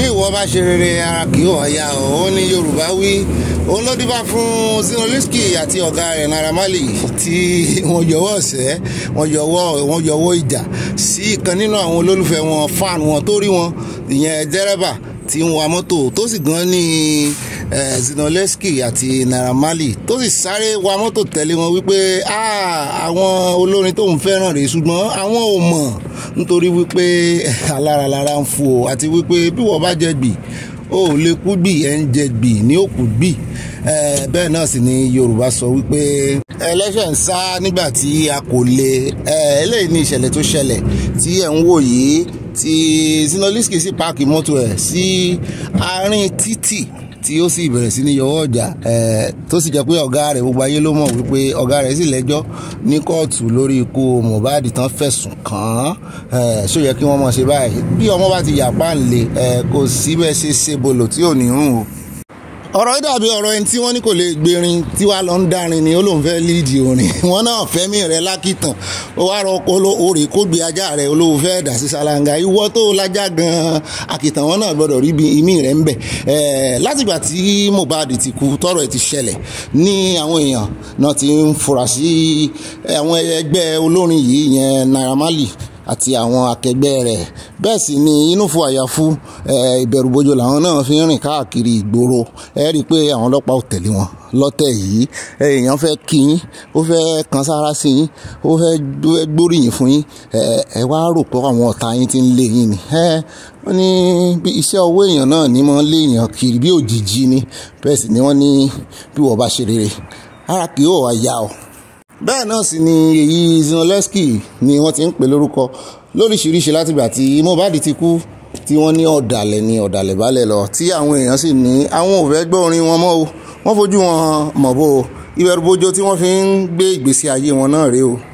bí ìwọ bá ṣe rere ara kì í ọ̀ya ó ní yorùbá wí òun ló díbà fún Zinolisky àti ọ̀gá rẹ̀ Naira Marley tí wọ́n yọwọ́ ọ̀sẹ́ wọ́n yọwọ́ wọ́n yọwọ́ ìjà sí ìkan nínú àwọn olólùfẹ́ wọn fan wọn tó rí wọn ìyẹn dẹ́rẹ́bà tí ń wa mọ́tò tó sì gan ní Zinolisky àti Naira Marley tó sì sáré wa mọ́tò tẹ̀lé wọn wípé àwọn olórin tóun fẹ́ràn rèé ṣùgbọ́n àwọn ò mọ̀ nítorí wípé alára lára ń fu o àti wípé bí wọ́n bá jẹ gbì o ò lè kú gbì ẹ̀ ń jẹ gbì ní òkú gbì bẹ́ẹ̀ náà sì ni Yorùbá sọ wípé ẹlẹ́ṣẹ̀ ń sá nígbà tí a kò lè eléyìí ni ìṣẹ̀lẹ̀ tó ṣẹlẹ̀ tí ẹ̀ ń wò yìí tí Zinolisky sì páàkì mọ́tò ẹ̀ sí àárín títì tí ó sì bẹ̀rẹ̀ sí ní yọwọ́ ọ̀jà tó sì jẹ́ pé ọ̀gá rẹ̀ gbogbo ayé ló mọ̀ wípé ọ̀gá rẹ̀ sì lẹ́jọ́ ní kóòtù lórí ikú Mohbad tán fẹ̀sùn kàn án ṣó yẹ kí wọ́n mọ̀ ṣe báyìí bí ọmọ bá ti yà páǹlẹ̀ kò síbẹ̀ ṣe ṣe bolo tí ò ní rùn o ọ̀rọ̀ yìí dàbí ọ̀rọ̀ ẹni tí wọ́n ní kò lè gbèrin tí wàá lọ ń darin ni ó lòun fẹ́ líìdì orin wọn náà fẹ́mi rẹ lákìtàn ó wá rọ orè kó gbé ajá rẹ olówó fẹ́ dà sí ṣáláńgá ìwọ tó lajá gan-an àkìtàn wọn náà gbọ́dọ̀ rí imí rẹ ń bẹ̀ látìgbà tí Mohbad ti kú tọrọ ẹ ti ṣẹlẹ̀ ní àwọn èèyàn náà ti ń fura sí àwọn ẹgbẹ́ olórin yìí yẹn Naira Marley àti àwọn akẹgbẹ́ rẹ̀ bẹ́ẹ̀ sì ni inú fún àyàfu ìbẹ̀rùbojo làwọn náà fi ń rìn káàkiri ìgboro ẹ rí i pé àwọn ọlọ́pàá ò tẹ̀lé wọn lọ́tẹ̀ yìí èèyàn fẹ́ kí yín ó fẹ́ kan sára sí yín ó fẹ́ gbóríyìn fún yín ẹ wá rò pé àwọn ọ̀tá yín ti ń lé yín ni wọ́n ní bí iṣẹ́ ọwọ́ èèyàn náà ní mọ́ léèyàn kiri bí òjijì ni bẹ́ẹ̀ sì ni wọ́n ní bí wọ́n bá ṣe rere ara kì yóò wá yá o bẹ́ẹ̀ náà sì ni èyí Zinoleski ni wọ́n ti ń pè lórúkọ lóríṣiríṣi látìgbà tí Mohbad ti kú tí wọ́n ní ọ̀dàlẹ̀ ní ọ̀dàlẹ̀ balẹ̀ lọ tí àwọn èèyàn sì ní àwọn ò fẹ́ gbọ́ orin wọn mọ́ o wọ́n fojú wọn mọ̀ bó o ìbẹ̀rù bójó tí wọ́n fi ń gbé ìgbésí ayé wọn náà rèé o.